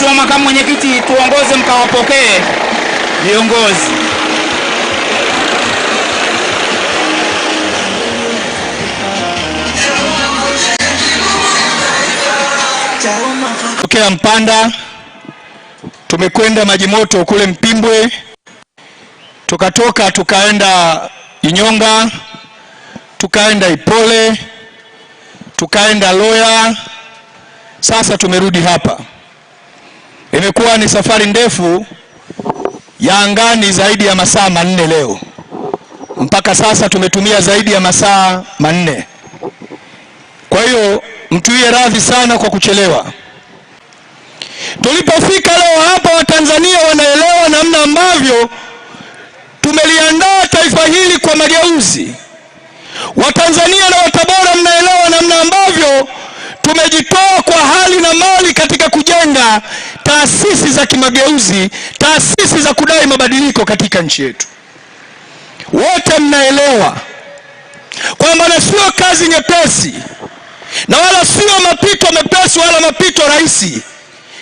Mheshimiwa makamu mwenyekiti, tuongoze mkawapokee viongozi. Tokea Mpanda tumekwenda maji moto kule Mpimbwe, tukatoka tukaenda Inyonga, tukaenda Ipole, tukaenda Loya, sasa tumerudi hapa. Imekuwa ni safari ndefu ya angani zaidi ya masaa manne leo. Mpaka sasa tumetumia zaidi ya masaa manne. Kwa hiyo mtuie radhi sana kwa kuchelewa. Tulipofika leo hapa, Watanzania wanaelewa namna ambavyo tumeliandaa taifa hili kwa mageuzi. Watanzania na Watabora mnaelewa namna ambavyo tumejitoa kwa hali na mali katika kujenga taasisi za kimageuzi, taasisi za kudai mabadiliko katika nchi yetu. Wote mnaelewa kwamba na sio kazi nyepesi na wala sio mapito mepesi wala mapito rahisi,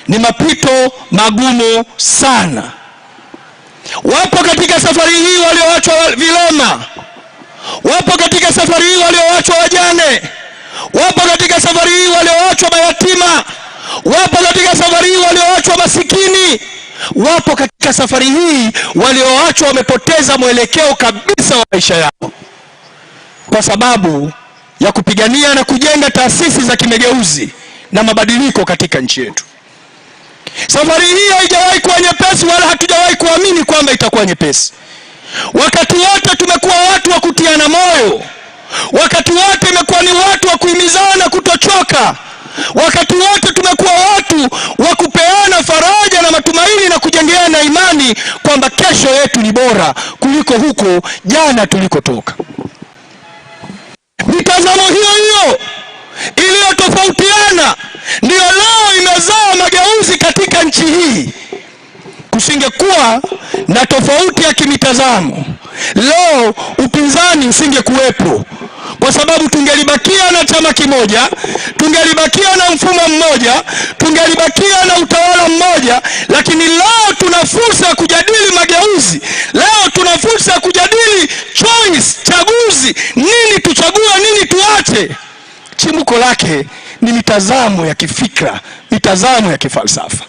ni mapito magumu sana. Wapo katika safari hii walioachwa vilema, wapo katika safari hii walioachwa wajane, wapo katika safari hii walioachwa mayatima. Wapo katika safari hii walioachwa masikini, wapo katika safari hii walioachwa wamepoteza mwelekeo kabisa wa maisha yao, kwa sababu ya kupigania na kujenga taasisi za kimageuzi na mabadiliko katika nchi yetu. Safari hii haijawahi kuwa nyepesi, wala hatujawahi kuamini kwamba itakuwa nyepesi. Wakati wote tumekuwa watu wa kutiana moyo, wakati wote imekuwa ni watu wa kuhimizana kutochoka Wakati wote tumekuwa watu wa kupeana faraja na matumaini na kujengeana imani kwamba kesho yetu ni bora kuliko huko jana tulikotoka. Mitazamo hiyo hiyo iliyotofautiana ndiyo leo imezaa mageuzi katika nchi hii. Kusingekuwa na tofauti ya kimitazamo, leo upinzani usingekuwepo kwa sababu tungelibakia na chama kimoja, tungelibakia na mfumo mmoja, tungelibakia na utawala mmoja. Lakini leo tuna fursa ya kujadili mageuzi, leo tuna fursa ya kujadili choice, chaguzi, nini tuchague, nini tuache. Chimbuko lake ni mitazamo ya kifikra, mitazamo ya kifalsafa.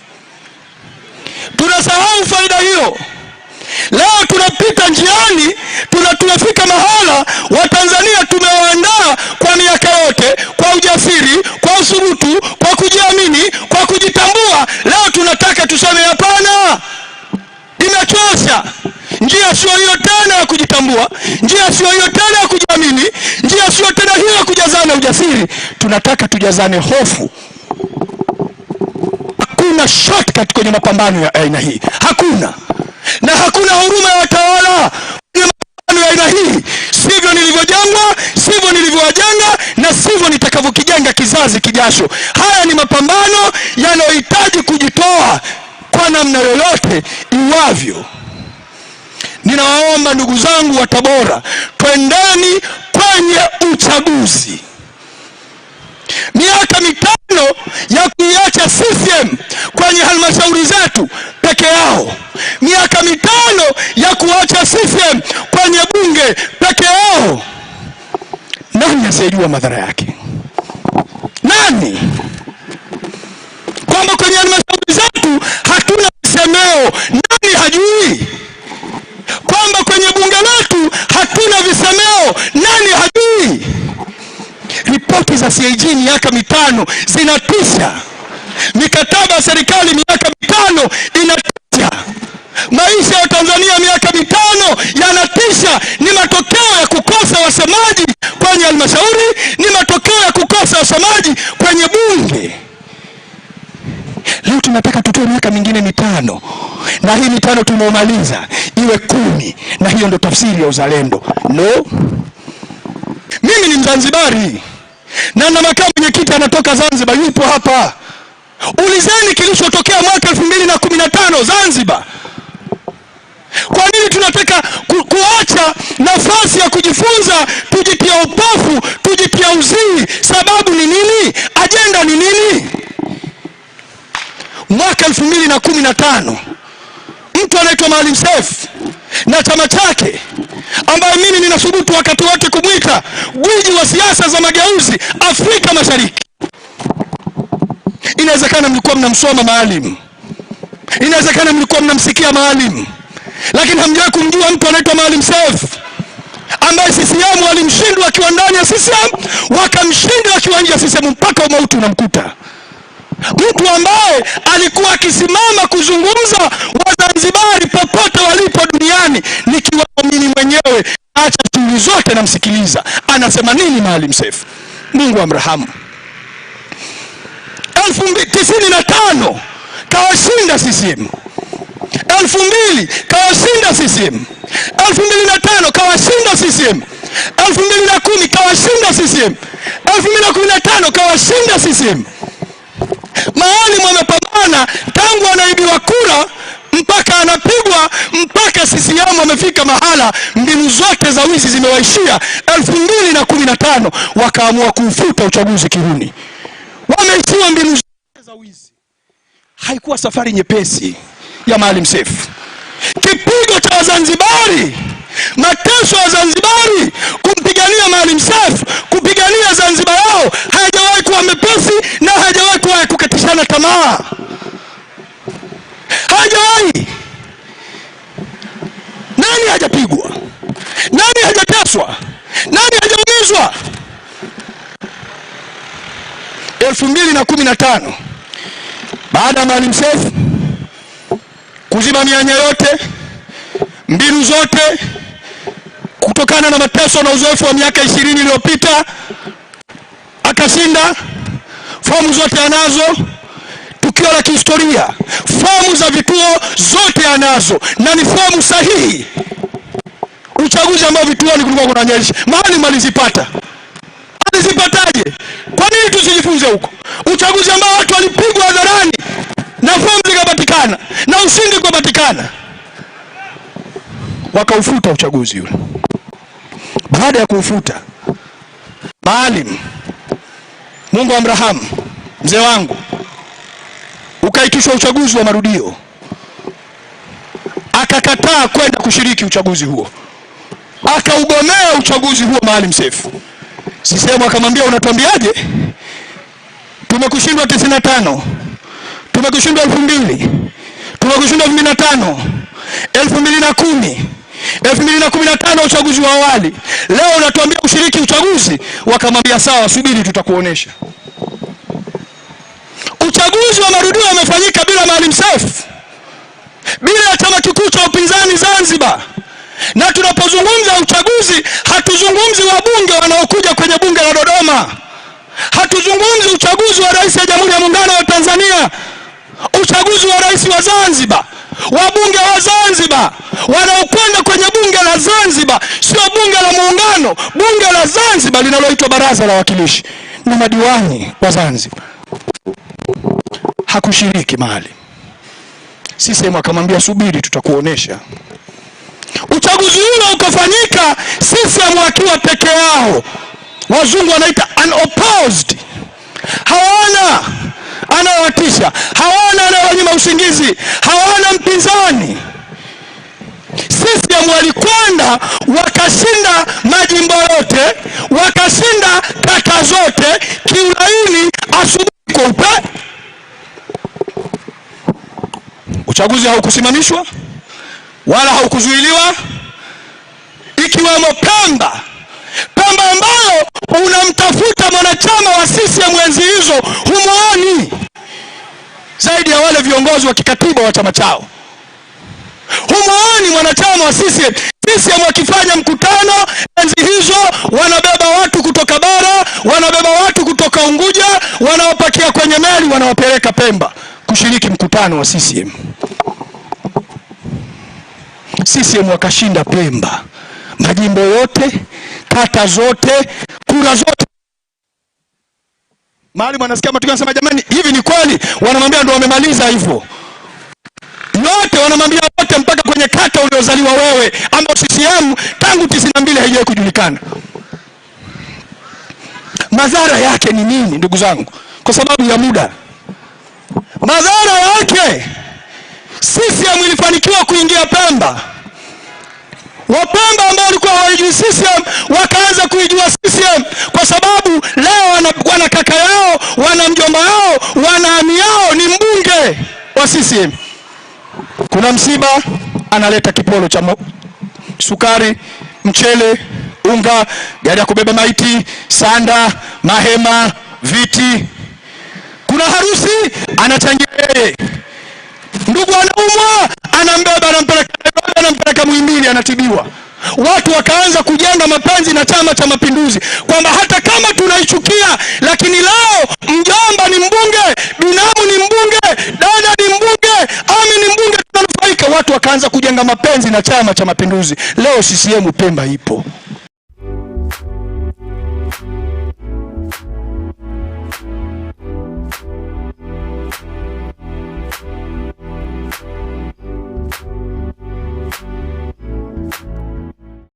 Tunasahau faida hiyo. Leo tunapita njiani, tuna tunafika mahala, Watanzania tumewaandaa kwa miaka yote kwa ujasiri, kwa usubutu, kwa kujiamini, kwa kujitambua. Leo tunataka tuseme hapana, imechosha. Njia sio hiyo tena ya kujitambua, njia sio hiyo tena ya kujiamini, njia sio tena hiyo ya kujazana ujasiri. Tunataka tujazane hofu. Hakuna shortcut kwenye mapambano ya aina hii, hakuna na hakuna huruma ya watawala ya aina hii. Sivyo nilivyojengwa, sivyo nilivyowajenga, na sivyo nitakavyokijenga kizazi kijacho. Haya ni mapambano yanayohitaji kujitoa kwa namna yoyote iwavyo. Ninawaomba ndugu zangu wa Tabora, twendeni kwenye uchaguzi. Miaka mitano ya kuiacha CCM kwenye halmashauri zetu peke yao, miaka mitano ya kuacha CCM kwenye bunge peke yao. Nani asiyejua madhara yake? Nani kwamba kwenye halmashauri zetu hatuna visemeo? Nani hajui kwamba kwenye bunge letu hatuna visemeo? Nani hajui? Ripoti za CAG miaka mitano zinatisha mikataba ya serikali miaka mitano inatisha. Maisha ya Tanzania miaka mitano yanatisha. Ni matokeo ya kukosa wasemaji kwenye halmashauri, ni matokeo ya kukosa wasemaji kwenye bunge. Leo tunataka tutoe miaka mingine mitano, na hii mitano tumeumaliza iwe kumi, na hiyo ndo tafsiri ya uzalendo. No, mimi ni Mzanzibari na na makamu mwenyekiti anatoka Zanzibar, yupo hapa. Ulizeni kilichotokea mwaka elfu mbili na kumi na tano Zanzibar. Kwa nini tunataka ku, kuacha nafasi ya kujifunza? Tujitia upofu, tujitia uzii. Sababu ni nini? Ajenda ni nini? Mwaka elfu mbili na kumi na tano mtu anaitwa Maalim sef na chama chake ambaye mimi ninasubutu wakati wote kumwita guji wa siasa za mageuzi Afrika Mashariki. Inawezekana mlikuwa mnamsoma maalim, inawezekana mlikuwa mnamsikia maalim, lakini hamjawahi kumjua mtu anaitwa Maalim Seif ambaye CCM walimshindwa akiwa ndani ya CCM, wakamshinda akiwa nje ya CCM mpaka umauti unamkuta. Mtu ambaye alikuwa akisimama kuzungumza Wazanzibari popote walipo duniani, nikiwaamini mwenyewe, acha shughuli zote namsikiliza anasema nini Maalim Seif. Mungu amrahamu elfu mbili tisini na tano kawashinda CCM, elfu mbili kawashinda CCM, elfu mbili na tano kawashinda CCM, elfu mbili na kumi kawashinda CCM, elfu mbili na kumi na tano kawashinda CCM. Maalim amepambana tangu anaibiwa kura mpaka anapigwa mpaka CCM amefika mahala, mbinu zote za wizi zimewaishia. elfu mbili na kumi na tano wakaamua kuufuta uchaguzi kiruni wameifua mbinu za wizi. Haikuwa safari nyepesi ya Maalim Seif. Kipigo cha Wazanzibari, mateso ya Wazanzibari kumpigania Maalim Seif, kupigania Zanzibar yao hayajawahi kuwa mepesi na hayajawahi kuwa ya kukatishana tamaa, hayajawahi. Nani hajapigwa? elfu mbili na kumi na tano baada ya Maalim Seif kuziba mianya yote, mbinu zote, kutokana na mateso na uzoefu wa miaka ishirini iliyopita, akashinda. Fomu zote anazo, tukio la kihistoria, fomu za vituo zote anazo na ni fomu sahihi. Uchaguzi ambao vituoni kulikuwa kunanyesha, Maalim alizipata tulizipataje? Kwa nini tusijifunze huko? Uchaguzi ambao watu walipigwa hadharani na fomu zikapatikana na ushindi kupatikana, wakaufuta uchaguzi ule. Baada ya kuufuta, Maalim Mungu Abrahamu, mzee wangu, ukaitishwa uchaguzi wa marudio, akakataa kwenda kushiriki uchaguzi huo, akaugomea uchaguzi huo Maalim Seif. CCM akamwambia unatuambiaje? Tumekushindwa 95, tumekushindwa 2000, tumekushindwa kumi 2010, 2015 uchaguzi wa awali. Leo unatuambia ushiriki uchaguzi? Wakamwambia sawa, subiri tutakuonesha. Uchaguzi wa marudio umefanyika bila Maalim Seif, bila chama kikuu cha upinzani Zanzibar na tunapozungumza uchaguzi hatuzungumzi wabunge wanaokuja kwenye bunge la Dodoma, hatuzungumzi uchaguzi wa rais ya Jamhuri ya Muungano wa Tanzania, uchaguzi wa rais wa Zanzibar, wabunge wa Zanzibar wanaokwenda kwenye bunge la Zanzibar, sio bunge la Muungano, bunge la Zanzibar linaloitwa Baraza la wakilishi ni madiwani wa Zanzibar. Hakushiriki mahali, sisehemu, akamwambia subiri, tutakuonesha. Uchaguzi ule ukofanyika, CCM wakiwa peke yao, wazungu wanaita unopposed, hawana anawatisha, hawana anayewanyima usingizi, hawana mpinzani. CCM walikwenda wakashinda majimbo yote, wakashinda kata zote kiulaini, asubuhi kweupe. Uchaguzi haukusimamishwa wala haukuzuiliwa, ikiwemo Pemba. Pemba ambayo unamtafuta mwanachama wa CCM mwenzi hizo humuoni, zaidi ya wale viongozi wa kikatiba wa chama chao humuoni mwanachama wa CCM. CCM wakifanya mkutano enzi hizo, wanabeba watu kutoka bara, wanabeba watu kutoka Unguja, wanawapakia kwenye meli, wanawapeleka Pemba kushiriki mkutano wa CCM. CCM wakashinda Pemba, majimbo yote, kata zote, kura zote. Maalim anasikia matukio, anasema jamani, hivi ni kweli? Wanamwambia ndio wamemaliza hivyo yote, wanamwambia wote, mpaka kwenye kata uliozaliwa wewe, ambao CCM tangu 92 haijawahi kujulikana. Madhara yake ni nini, ndugu zangu? Kwa sababu ya muda, madhara yake CCM ilifanikiwa kuingia Pemba Wapemba ambao walikuwa hawajui CCM wakaanza kuijua CCM kwa sababu leo wana, wana kaka yao wana mjomba yao wana ami yao ni mbunge wa CCM. Kuna msiba analeta kipolo cha sukari, mchele, unga, gari ya kubeba maiti, sanda, mahema, viti. Kuna harusi anachangia yeye, ndugu anaumwa anambeba anampeleka Nairobi, anampeleka Muhimbili, anatibiwa. Watu wakaanza kujenga mapenzi na Chama cha Mapinduzi kwamba hata kama tunaichukia, lakini leo mjomba ni mbunge, binamu ni mbunge, dada ni mbunge, ami ni mbunge, tunanufaika. Watu wakaanza kujenga mapenzi na Chama cha Mapinduzi. Leo CCM Pemba ipo.